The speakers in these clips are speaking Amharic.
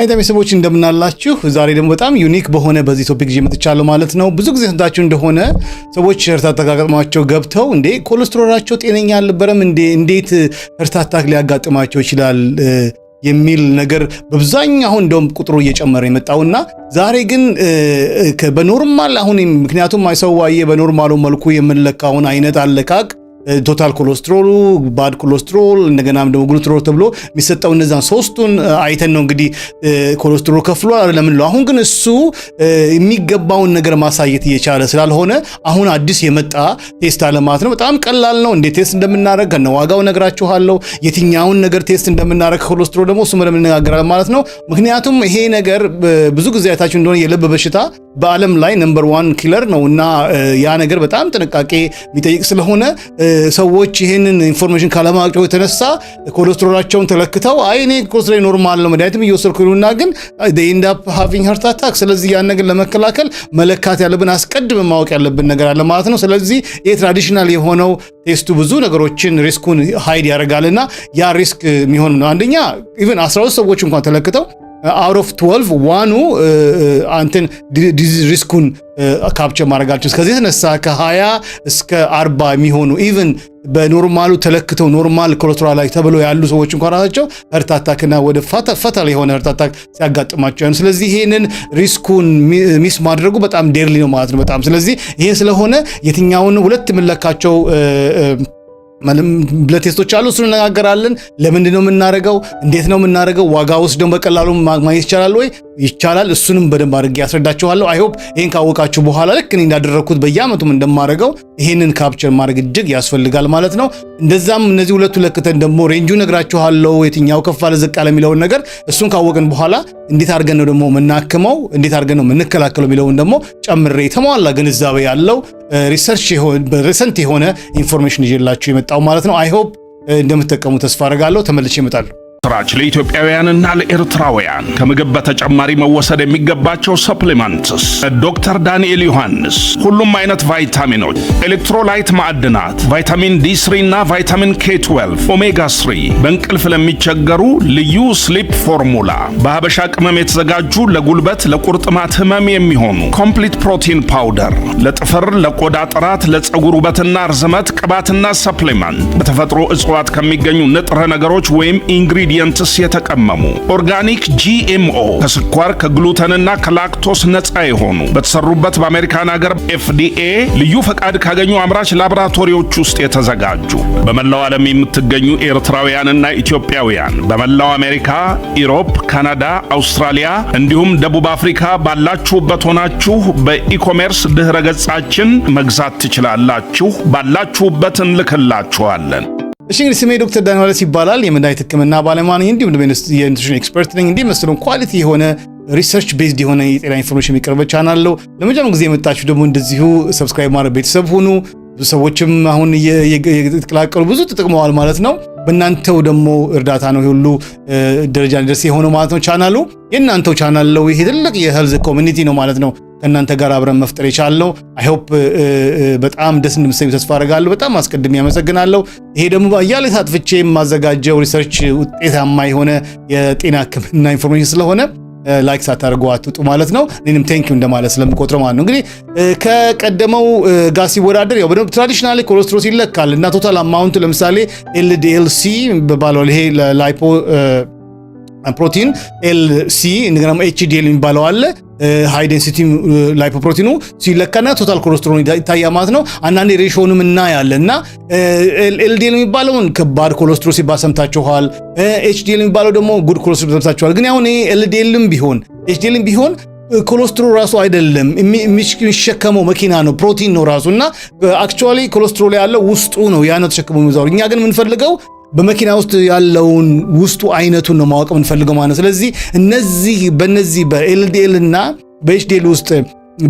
አይታ ቤተሰቦች እንደምናላችሁ። ዛሬ ደግሞ በጣም ዩኒክ በሆነ በዚህ ቶፒክ ይዤ መጥቻለሁ ማለት ነው። ብዙ ጊዜ ሰምታችሁ እንደሆነ ሰዎች እርታ አጠቃቀማቸው ገብተው እንዴ ኮሌስትሮላቸው ጤነኛ አልነበረም እንዴ እንዴት እርታ አታክ ሊያጋጥማቸው ይችላል የሚል ነገር በብዛኛው አሁን እንደውም ቁጥሩ እየጨመረ የመጣውና ዛሬ ግን በኖርማል አሁን ምክንያቱም አይሰዋዬ በኖርማሉ መልኩ የምንለካውን አይነት አለካክ ቶታል ኮሎስትሮሉ፣ ባድ ኮሎስትሮል፣ እንደገናም ደግሞ ግሉትሮል ተብሎ የሚሰጠው እነዛን ሶስቱን አይተን ነው እንግዲህ ኮለስትሮል ከፍሏል ለምን ለው። አሁን ግን እሱ የሚገባውን ነገር ማሳየት እየቻለ ስላልሆነ አሁን አዲስ የመጣ ቴስት አለ ማለት ነው። በጣም ቀላል ነው። እንዴት ቴስት እንደምናደረግ ከነ ዋጋው ነግራችኋለሁ። የትኛውን ነገር ቴስት እንደምናደረግ ከኮለስትሮል ደግሞ እሱ ምንም እንነጋገራል ማለት ነው። ምክንያቱም ይሄ ነገር ብዙ ጊዜ አይታችሁ እንደሆነ የልብ በሽታ በዓለም ላይ ነምበር ዋን ኪለር ነው እና ያ ነገር በጣም ጥንቃቄ የሚጠይቅ ስለሆነ ሰዎች ይህንን ኢንፎርሜሽን ካለማወቃቸው የተነሳ ኮሌስትሮላቸውን ተለክተው አይ እኔ ኮሌስትሮል ኖርማል ነው መድኃኒትም እየወሰድኩ ይሉና ግን ኤንድ አፕ ሃቪንግ አታክ። ስለዚህ ያን ነገር ለመከላከል መለካት ያለብን አስቀድመ ማወቅ ያለብን ነገር አለ ማለት ነው። ስለዚህ ይህ ትራዲሽናል የሆነው ቴስቱ ብዙ ነገሮችን ሪስኩን ሀይድ ያደርጋልና ያ ሪስክ የሚሆን ነው። አንደኛ ኢቨን 12 ሰዎች እንኳን ተለክተው አውት ኦፍ 12 ዋኑ አንተን ዲዚዝ ሪስኩን ካፕቸር ማድረጋችን እስከዚህ የተነሳ ከ20 እስከ 40 የሚሆኑ ኢቨን በኖርማሉ ተለክተው ኖርማል ኮሌስትሮል ላይ ተብለው ያሉ ሰዎች እንኳን ራሳቸው ሀርት አታክና ወደ ፈታል የሆነ ሀርት አታክ ሲያጋጥማቸው፣ ስለዚህ ይህንን ሪስኩን ሚስ ማድረጉ በጣም ዴርሊ ነው ማለት ነው። በጣም ስለዚህ ይሄ ስለሆነ የትኛውን ሁለት የምንለካቸው uh, uh, ብለቴስቶች ቴስቶች አሉ። እሱን እነጋገራለን። ለምንድን ነው የምናደርገው? እንዴት ነው የምናደርገው? ዋጋ ውስጥ ደግሞ በቀላሉ ማግኘት ይቻላል ወይ? ይቻላል። እሱንም በደንብ አድርጌ ያስረዳችኋለሁ። አይሆፕ ይህን ካወቃችሁ በኋላ ልክ እኔ እንዳደረግኩት በየአመቱም እንደማደርገው ይህንን ካፕቸር ማድረግ እጅግ ያስፈልጋል ማለት ነው። እንደዛም እነዚህ ሁለቱ ለክተን ደግሞ ሬንጁ ነግራችኋለሁ፣ የትኛው ከፍ አለ ዝቅ አለ የሚለውን ነገር እሱን ካወቅን በኋላ እንዴት አድርገን ነው ደግሞ የምናክመው፣ እንዴት አድርገን ነው የምንከላከለው የሚለውን ደግሞ ጨምሬ የተሟላ ግንዛቤ ያለው ሪሰርች ሪሰንት የሆነ ኢንፎርሜሽን ይዤላችሁ የመጣው ማለት ነው። አይሆፕ እንደምትጠቀሙ ተስፋ አደርጋለሁ። ተመልሼ እመጣለሁ። ለኢትዮጵያውያን ለኢትዮጵያውያንና ለኤርትራውያን ከምግብ በተጨማሪ መወሰድ የሚገባቸው ሰፕሊመንትስ ዶክተር ዳንኤል ዮሐንስ ሁሉም አይነት ቫይታሚኖች፣ ኤሌክትሮላይት ማዕድናት፣ ቫይታሚን ዲ3 እና ቫይታሚን ኬ12፣ ኦሜጋ 3 በእንቅልፍ ለሚቸገሩ ልዩ ስሊፕ ፎርሙላ በሀበሻ ቅመም የተዘጋጁ ለጉልበት ለቁርጥማት ህመም የሚሆኑ ኮምፕሊት ፕሮቲን ፓውደር ለጥፍር ለቆዳ ጥራት ለፀጉር ውበትና ርዝመት ቅባትና ሰፕሊመንት በተፈጥሮ እጽዋት ከሚገኙ ንጥረ ነገሮች ወይም ኢንግሪዲየንት ኒውትሪየንትስ የተቀመሙ ኦርጋኒክ ጂኤምኦ ከስኳር ከግሉተንና ከላክቶስ ነፃ የሆኑ በተሰሩበት በአሜሪካን ሀገር ኤፍዲኤ ልዩ ፈቃድ ካገኙ አምራች ላቦራቶሪዎች ውስጥ የተዘጋጁ በመላው ዓለም የምትገኙ ኤርትራውያንና ኢትዮጵያውያን በመላው አሜሪካ፣ ኢሮፕ፣ ካናዳ፣ አውስትራሊያ እንዲሁም ደቡብ አፍሪካ ባላችሁበት ሆናችሁ በኢኮሜርስ ድኅረ ገጻችን መግዛት ትችላላችሁ። ባላችሁበት እንልክላችኋለን። እሺ እንግዲህ ስሜ ዶክተር ዳንኤልስ ይባላል። የመድኃኒት ሕክምና ባለሙያ ነኝ፣ እንዲሁም ደግሞ የኒትሪሽን ኤክስፐርት ነኝ። እንዲህ መስሎን ኳሊቲ የሆነ ሪሰርች ቤዝድ የሆነ የጤና ኢንፎርሜሽን የሚቀርበ ቻናል ነው። ለመጀመሪያ ጊዜ የመጣችሁ ደግሞ እንደዚሁ ሰብስክራይብ ማድረግ ቤተሰብ ሁኑ። ብዙ ሰዎችም አሁን የተቀላቀሉ ብዙ ተጠቅመዋል ማለት ነው። በእናንተው ደግሞ እርዳታ ነው ሁሉ ደረጃ ደርስ የሆነው ማለት ነው። ቻናሉ የእናንተው ቻናል ነው። ይሄ ትልቅ የሄልዝ ኮሚኒቲ ነው ማለት ነው። ከእናንተ ጋር አብረን መፍጠር የቻልነው አይሆፕ uh, uh, በጣም ደስ እንደምሰኙ ተስፋ አደርጋለሁ። በጣም አስቀድሜ ያመሰግናለሁ። ይሄ ደግሞ እያለ ሳትፍቼ የማዘጋጀው ሪሰርች ውጤታማ የሆነ የጤና ሕክምና ኢንፎርሜሽን ስለሆነ ላይክ uh, ሳታደርጉ አትውጡ ማለት ነው። እኔንም ቴንኪው እንደማለት ስለምቆጥረው ማለት ነው። እንግዲህ ከቀደመው ጋር ሲወዳደር ያው በደምብ ትራዲሽናል ኮሌስትሮል ይለካል እና ቶታል አማውንቱ ለምሳሌ ኤልዲኤልሲ በባለው ይሄ ላይፖ ፕሮቲን ኤልሲ እንደገና ኤችዲኤል የሚባለው አለ። ሃይ ዴንሲቲ ላይፖፕሮቲኑ ሲለካና ቶታል ኮሌስትሮል ይታያ ማለት ነው። አንዳንዴ ሬሾንም እናያለን እና ኤልዲኤል የሚባለውን ከባድ ኮሌስትሮል ሲባል ሰምታችኋል። ኤችዲኤል የሚባለው ደግሞ ጉድ ኮሌስትሮል ሰምታችኋል። ግን አሁን ኤልዲኤልም ቢሆን ኤችዲኤልም ቢሆን ኮሎስትሮ ራሱ አይደለም የሚሸከመው መኪና ነው፣ ፕሮቲን ነው ራሱ እና አክቹዋሊ ኮሌስትሮል ያለው ውስጡ ነው። ያ ነው ተሸክሞ የሚዛሩ እኛ ግን የምንፈልገው በመኪና ውስጥ ያለውን ውስጡ አይነቱን ነው ማወቅ የምንፈልገው ማለት ነው። ስለዚህ እነዚህ በነዚህ በኤልዲኤል እና በኤችዲኤል ውስጥ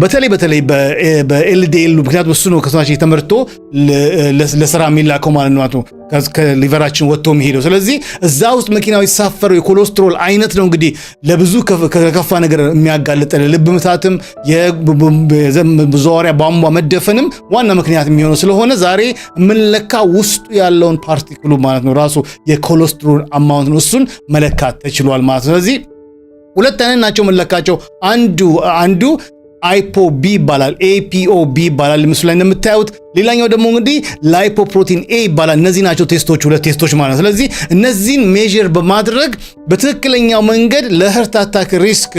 በተለይ በተለይ በኤልዲኤል ምክንያቱም እሱ ነው ከሰውናችን ተመርቶ ለስራ የሚላከው ማለት ነው፣ ከሊቨራችን ወጥቶ የሚሄደው። ስለዚህ እዛ ውስጥ መኪናው የተሳፈረው የኮሌስትሮል አይነት ነው እንግዲህ ለብዙ ከከፋ ነገር የሚያጋልጥ ለልብ ምታትም የዘዋሪያ ቧንቧ መደፈንም ዋና ምክንያት የሚሆነው ስለሆነ ዛሬ የምንለካ ውስጡ ያለውን ፓርቲክሉ ማለት ነው ራሱ የኮሌስትሮል አማውንት ነው፣ እሱን መለካት ተችሏል ማለት ነው። ስለዚህ ሁለት አይነት ናቸው መለካቸው። አንዱ አንዱ አይፖቢ ይባላል። ኤፒኦቢ ይባላል ምስሉ ላይ እንደምታዩት። ሌላኛው ደግሞ እንግዲህ ላይፖፕሮቲን ኤ ይባላል። እነዚህ ናቸው ቴስቶች፣ ሁለት ቴስቶች ማለት ነው። ስለዚህ እነዚህን ሜዥር በማድረግ በትክክለኛው መንገድ ለህርት አታክ ሪስክ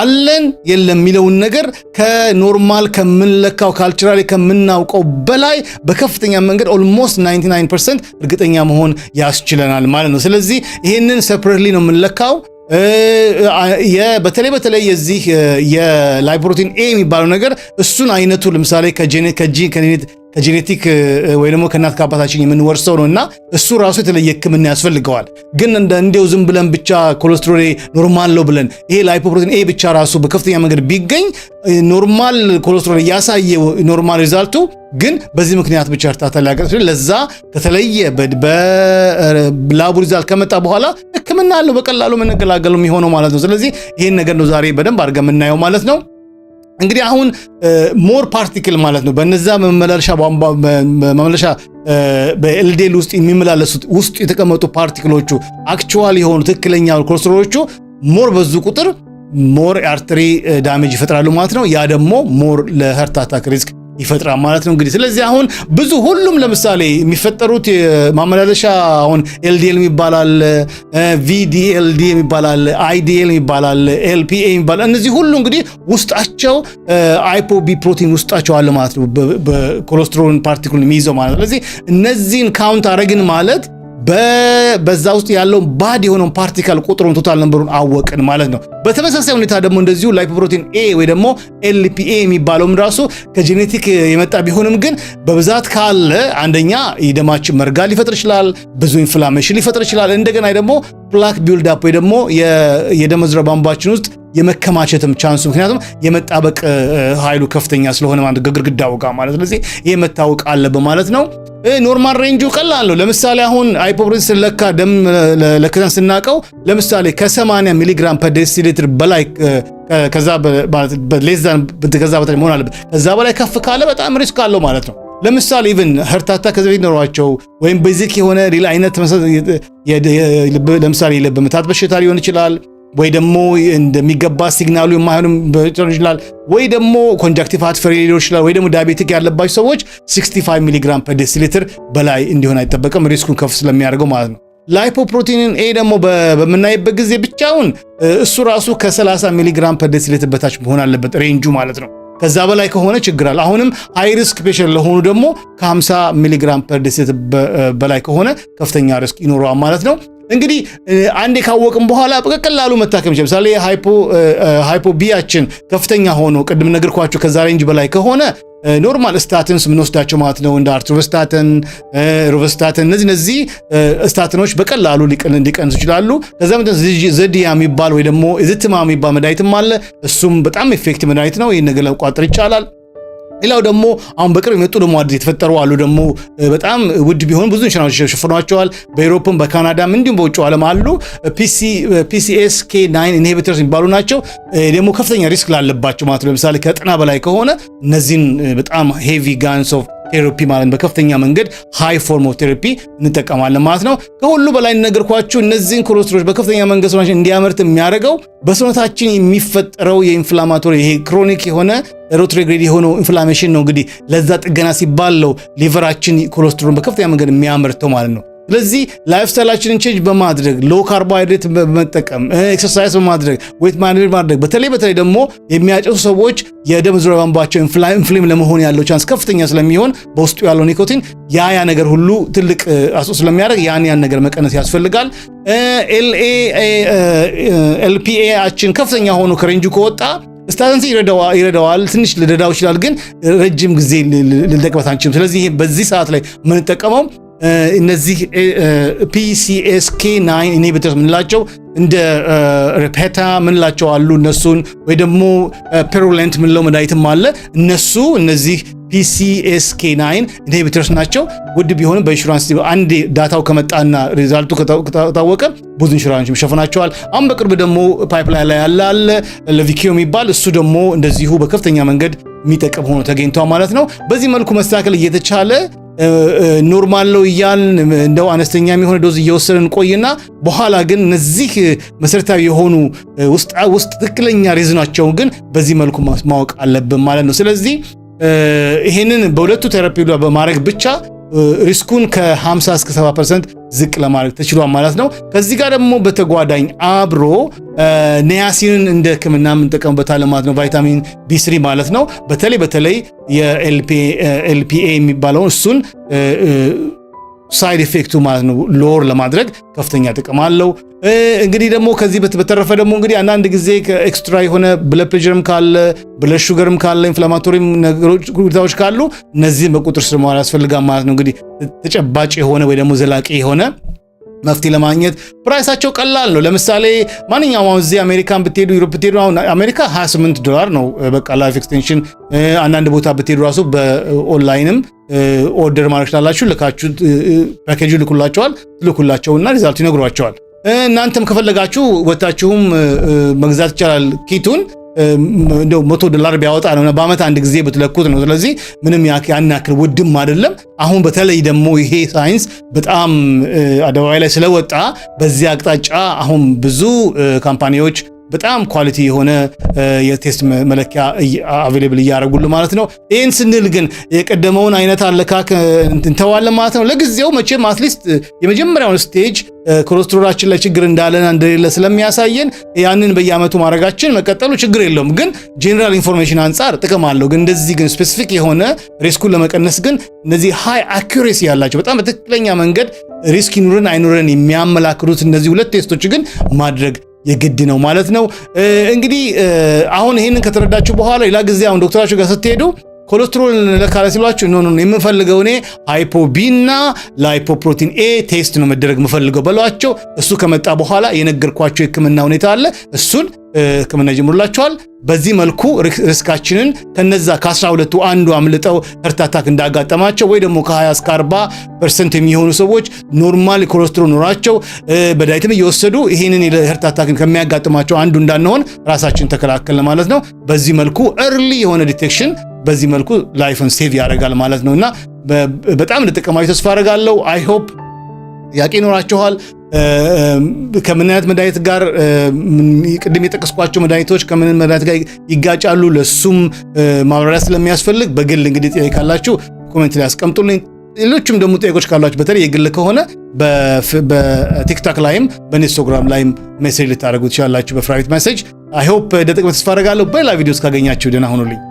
አለን የለም የሚለውን ነገር ከኖርማል ከምንለካው ካልቸራሊ ከምናውቀው በላይ በከፍተኛ መንገድ ኦልሞስት 99 ፐርሰንት እርግጠኛ መሆን ያስችለናል ማለት ነው። ስለዚህ ይህንን ሰፕሬትሊ ነው የምንለካው። በተለይ በተለይ የዚህ የላይፖፕሮቲን ኤ የሚባለው ነገር እሱን አይነቱ ለምሳሌ ከጄኔት ከጄኔቲክ ወይ ደግሞ ከእናት ከአባታችን የምንወርሰው ነው እና እሱ ራሱ የተለየ ሕክምና ያስፈልገዋል። ግን እንዲው ዝም ብለን ብቻ ኮሌስትሮል ኖርማል ነው ብለን ይሄ ላይፖፕሮቲን ኤ ብቻ ራሱ በከፍተኛ መንገድ ቢገኝ ኖርማል ኮሌስትሮል እያሳየ ኖርማል ሪዛልቱ ግን በዚህ ምክንያት ብቻ እርዳታ ሊያቀጥ ለዛ ከተለየ በላቡ ሪዛልት ከመጣ በኋላ ሕክምና አለው በቀላሉ የምንገላገሉ የሚሆነው ማለት ነው። ስለዚህ ይህን ነገር ነው ዛሬ በደንብ አድርገን የምናየው ማለት ነው። እንግዲህ አሁን ሞር ፓርቲክል ማለት ነው በነዛ መመላለሻ ቧንቧ መመላለሻ በኤልዴል ውስጥ የሚመላለሱት ውስጥ የተቀመጡ ፓርቲክሎቹ አክቹዋል የሆኑ ትክክለኛ ኮሌስትሮሎቹ ሞር በዙ ቁጥር ሞር አርትሪ ዳሜጅ ይፈጥራሉ ማለት ነው። ያ ደግሞ ሞር ለሃርት አታክ ሪስክ ይፈጥራል ማለት ነው። እንግዲህ ስለዚህ አሁን ብዙ ሁሉም ለምሳሌ የሚፈጠሩት ማመላለሻ አሁን ኤልዲኤል የሚባላል፣ ቪዲኤልዲ የሚባላል፣ አይዲኤል የሚባላል፣ ኤልፒኤ የሚባላል እነዚህ ሁሉ እንግዲህ ውስጣቸው አይፖቢ ፕሮቲን ውስጣቸው አለ ማለት ነው። በኮሌስትሮል ፓርቲክል የሚይዘው ማለት ነው። ስለዚህ እነዚህን ካውንት አረግን ማለት በዛ ውስጥ ያለውን ባድ የሆነውን ፓርቲካል ቁጥሩን ቶታል ነንበሩን አወቅን ማለት ነው። በተመሳሳይ ሁኔታ ደግሞ እንደዚሁ ላይፕሮቲን ኤ ወይ ደግሞ ኤልፒኤ የሚባለውም ራሱ ከጄኔቲክ የመጣ ቢሆንም ግን በብዛት ካለ አንደኛ የደማችን መርጋ ሊፈጥር ይችላል፣ ብዙ ኢንፍላሜሽን ሊፈጥር ይችላል። እንደገና ደግሞ ፕላክ ቢውልድ አፕ ወይ ደግሞ የደም ቧንቧችን ውስጥ የመከማቸትም ቻንሱ ምክንያቱም የመጣበቅ ኃይሉ ከፍተኛ ስለሆነ ማለት ግድግዳው ጋር ማለት ስለዚህ ይሄ መታወቅ አለበ ማለት ነው። ኖርማል ሬንጁ ቀላል ነው። ለምሳሌ አሁን ሃይፖፕሪንስን ለካ ደም ለክተን ስናቀው ለምሳሌ ከ80 ሚሊግራም ፐር ዴሲሊትር በላይ ከዛ ሌዛን ከዛ በታች መሆን አለበት። ከዛ በላይ ከፍ ካለ በጣም ሪስክ አለው ማለት ነው። ለምሳሌ ኢቭን ህርታታ ከዚህ በፊት ኖሯቸው ወይም በዚክ የሆነ ሌላ አይነት ለምሳሌ የልብ ምታት በሽታ ሊሆን ይችላል ወይ ደግሞ እንደሚገባ ሲግናሉ የማይሆንም ሊሆን ይችላል። ወይ ደግሞ ኮንጃክቲቭ ፋት ፌሪ ሊሆን ይችላል። ወይ ደግሞ ዳያቤቲክ ያለባቸው ሰዎች 65 ሚሊግራም ፐር ዴሲሊትር በላይ እንዲሆን አይጠበቅም፣ ሪስኩን ከፍ ስለሚያደርገው ማለት ነው። ላይፖፕሮቲንን ኤ ደግሞ በምናይበት ጊዜ ብቻውን እሱ ራሱ ከ30 ሚሊግራም ፐር ዴሲሊትር በታች መሆን አለበት ሬንጁ ማለት ነው። ከዛ በላይ ከሆነ ችግር አለ። አሁንም ሃይ ሪስክ ፔሸንት ለሆኑ ደግሞ ከ50 ሚሊግራም ፐር ዴሲሊትር በላይ ከሆነ ከፍተኛ ሪስክ ይኖረዋል ማለት ነው። እንግዲህ አንዴ ካወቅም በኋላ በቀላሉ መታከም ይችላል። ምሳሌ ሃይፖቢያችን ከፍተኛ ሆኖ ቅድም ነገርኳችሁ ከዛ ሬንጅ በላይ ከሆነ ኖርማል ስታትንስ የምንወስዳቸው ማለት ነው እንደ አርትሮቨስታትን፣ ሮቨስታትን እነዚህ እነዚህ ስታትኖች በቀላሉ ሊቀንሱ ይችላሉ። ከዛ ዘዲያ የሚባል ወይ ደግሞ ዝትማ የሚባል መድኃኒትም አለ። እሱም በጣም ኤፌክቲቭ መድኃኒት ነው። ይህን ነገር ለመቋጠር ይቻላል። ሌላው ደግሞ አሁን በቅርብ የመጡ ደግሞ አዲስ የተፈጠሩ አሉ። ደግሞ በጣም ውድ ቢሆን ብዙ ኢንሹራንስ ሸፍኗቸዋል። በኤሮፕም በካናዳም እንዲሁም በውጭ ዓለም አሉ። ፒሲኤስኬ ናይን ኢንሂቢተርስ የሚባሉ ናቸው። ደግሞ ከፍተኛ ሪስክ ላለባቸው ማለት ለምሳሌ ከጥና በላይ ከሆነ እነዚህን በጣም ሄቪ ጋንስ ኦፍ ቴራፒ ማለት በከፍተኛ መንገድ ሃይ ፎርም ኦፍ ቴራፒ እንጠቀማለን ማለት ነው። ከሁሉ በላይ ነገርኳችሁ፣ እነዚህን ኮሌስትሮል በከፍተኛ መንገድ ሰውነታችን እንዲያመርት የሚያደርገው በሰውነታችን የሚፈጠረው የኢንፍላማቶሪ ይሄ ክሮኒክ የሆነ ሮትሪግሬድ የሆነው ኢንፍላሜሽን ነው። እንግዲህ ለዛ ጥገና ነው ሊቨራችን ኮሌስትሮል በከፍተኛ መንገድ የሚያመርተው ማለት ነው። ስለዚህ ላይፍ ስታይላችንን ቼንጅ በማድረግ ሎ ካርቦሃይድሬት በመጠቀም ኤክሰርሳይዝ eh, በማድረግ ዌት ማኔጅ ማድረግ በተለይ በተለይ ደግሞ የሚያጨሱ ሰዎች የደም ዙሪያ ቧንቧቸው ኢንፍሌም ለመሆን ያለው ቻንስ ከፍተኛ ስለሚሆን በውስጡ ያለው ኒኮቲን ያ ያ ነገር ሁሉ ትልቅ eh, አስተዋጽኦ ስለሚያደርግ ያን ያን ነገር መቀነስ ያስፈልጋል። eh, አችን ከፍተኛ ሆኖ ከሬንጁ ከወጣ ስታተንስ ይረዳዋል፣ ትንሽ ልደዳው ይችላል፣ ግን ረጅም ጊዜ ልንጠቅበት አንችልም። ስለዚህ በዚህ ሰዓት ላይ የምንጠቀመው እነዚህ ፒሲኤስኬ ናይን ኢንሂቢተርስ ምንላቸው እንደ ሪፔታ ምንላቸው አሉ። እነሱን ወይ ደግሞ ፔሩሌንት ምንለው መድኃኒትም አለ። እነሱ እነዚህ ፒሲኤስኬ ናይን ኢንሂቢተርስ ናቸው። ውድ ቢሆንም በኢንሹራንስ አንድ ዳታው ከመጣና ሪዛልቱ ከታወቀ ብዙ ኢንሹራንስ ይሸፍናቸዋል። አሁን በቅርብ ደግሞ ፓይፕላይን ላይ ያለ አለ ለቪኪዮ የሚባል እሱ ደግሞ እንደዚሁ በከፍተኛ መንገድ የሚጠቅም ሆኖ ተገኝቷ ማለት ነው። በዚህ መልኩ መስተካከል እየተቻለ ኖርማል ነው እያልን እንደው አነስተኛ የሚሆነ ዶዝ እየወሰንን ቆይና በኋላ ግን እነዚህ መሰረታዊ የሆኑ ውስጥ ትክክለኛ ሪዝናቸው ግን በዚህ መልኩ ማወቅ አለብን ማለት ነው። ስለዚህ ይህንን በሁለቱ ቴራፒ በማድረግ ብቻ ሪስኩን ከ50 እስከ 70 ፐርሰንት ዝቅ ለማድረግ ተችሏል ማለት ነው። ከዚህ ጋር ደግሞ በተጓዳኝ አብሮ ኒያሲንን እንደ ሕክምና የምንጠቀምበታለን ማለት ነው። ቫይታሚን ቢ3 ማለት ነው። በተለይ በተለይ የኤልፒኤ የሚባለውን እሱን ሳይድ ኤፌክቱ ማለት ነው ሎር ለማድረግ ከፍተኛ ጥቅም አለው። እንግዲህ ደግሞ ከዚህ በተረፈ ደግሞ እንግዲህ አንዳንድ ጊዜ ኤክስትራ የሆነ ብለድ ፕሬሸርም ካለ ብለድ ሹገርም ካለ ኢንፍላማቶሪ ሁኔታዎች ካሉ እነዚህ በቁጥር ስር መዋል ያስፈልጋል ማለት ነው። እንግዲህ ተጨባጭ የሆነ ወይ ደግሞ ዘላቂ የሆነ መፍትሄ ለማግኘት ፕራይሳቸው ቀላል ነው። ለምሳሌ ማንኛውም አሁን እዚህ አሜሪካን ብትሄዱ ዩሮፕ ብትሄዱ አሁን አሜሪካ 28 ዶላር ነው በቃ ላይፍ ኤክስቴንሽን። አንዳንድ ቦታ ብትሄዱ ራሱ በኦንላይንም ኦርደር ማድረግ ትችላላችሁ። ልካችሁ ፓኬጁ ልኩላቸዋል ልኩላቸውና ሪዛልቱ ይነግሯቸዋል። እናንተም ከፈለጋችሁ ወታችሁም መግዛት ይቻላል ኪቱን እንደው መቶ ዶላር ቢያወጣ ነው በአመት አንድ ጊዜ ብትለኩት ነው። ስለዚህ ምንም ያን ያክል ውድም አይደለም። አሁን በተለይ ደግሞ ይሄ ሳይንስ በጣም አደባባይ ላይ ስለወጣ በዚህ አቅጣጫ አሁን ብዙ ካምፓኒዎች በጣም ኳሊቲ የሆነ የቴስት መለኪያ አቬሌብል እያደረጉሉ ማለት ነው። ይህን ስንል ግን የቀደመውን አይነት አለካክ እንተዋለን ማለት ነው። ለጊዜው መቼም አትሊስት የመጀመሪያውን ስቴጅ ኮሌስትሮላችን ላይ ችግር እንዳለና እንደሌለ ስለሚያሳየን ያንን በየአመቱ ማድረጋችን መቀጠሉ ችግር የለውም። ግን ጄኔራል ኢንፎርሜሽን አንጻር ጥቅም አለው። ግን እንደዚህ ግን ስፔሲፊክ የሆነ ሪስኩን ለመቀነስ ግን እነዚህ ሃይ አኪሬሲ ያላቸው በጣም በትክክለኛ መንገድ ሪስክ ይኑረን አይኑረን የሚያመላክቱት እነዚህ ሁለት ቴስቶች ግን ማድረግ የግድ ነው ማለት ነው። እንግዲህ አሁን ይህንን ከተረዳችሁ በኋላ ሌላ ጊዜ አሁን ዶክተራችሁ ጋር ስትሄዱ ኮሌስትሮል ለካለ ሲሏችሁ ኖ የምፈልገው እኔ ሃይፖ ቢ እና ላይፖፕሮቲን ኤ ቴስት ነው መደረግ የምፈልገው በሏቸው። እሱ ከመጣ በኋላ የነገርኳቸው የህክምና ሁኔታ አለ እሱን ህክምና ይጀምሩላቸዋል። በዚህ መልኩ ሪስካችንን ከነዛ ከ 12 አንዱ አምልጠው እርታታክ እንዳጋጠማቸው ወይ ደግሞ ከ20 እስከ 40 ፐርሰንት የሚሆኑ ሰዎች ኖርማል ኮሌስትሮል ኖራቸው በዳይትም እየወሰዱ ይህንን ሀርት ከሚያጋጥማቸው አንዱ እንዳንሆን ራሳችን ተከላከል ማለት ነው። በዚህ መልኩ እርሊ የሆነ ዲቴክሽን በዚህ መልኩ ላይፍን ሴቭ ያደርጋል ማለት ነው እና በጣም እንደጠቀማችሁ ተስፋ አደርጋለሁ። አይሆፕ ጥያቄ ይኖራችኋል ከምን አይነት መድኃኒት ጋር ቅድም የጠቀስኳቸው መድኃኒቶች ከምን መድኃኒት ጋር ይጋጫሉ፣ ለሱም ማብራሪያ ስለሚያስፈልግ በግል እንግዲህ ጥያቄ ካላችሁ ኮሜንት ላይ አስቀምጡልኝ። ሌሎችም ደግሞ ጥያቄዎች ካሏችሁ በተለይ የግል ከሆነ በቲክታክ ላይም በኢንስታግራም ላይም ሜሴጅ ልታደርጉ ትችላላችሁ በፕራይቬት ሜሴጅ። አይሆፕ እንደጠቅመ ተስፋ አደርጋለሁ። በሌላ ቪዲዮ እስካገኛችሁ ደህና ሆኑልኝ።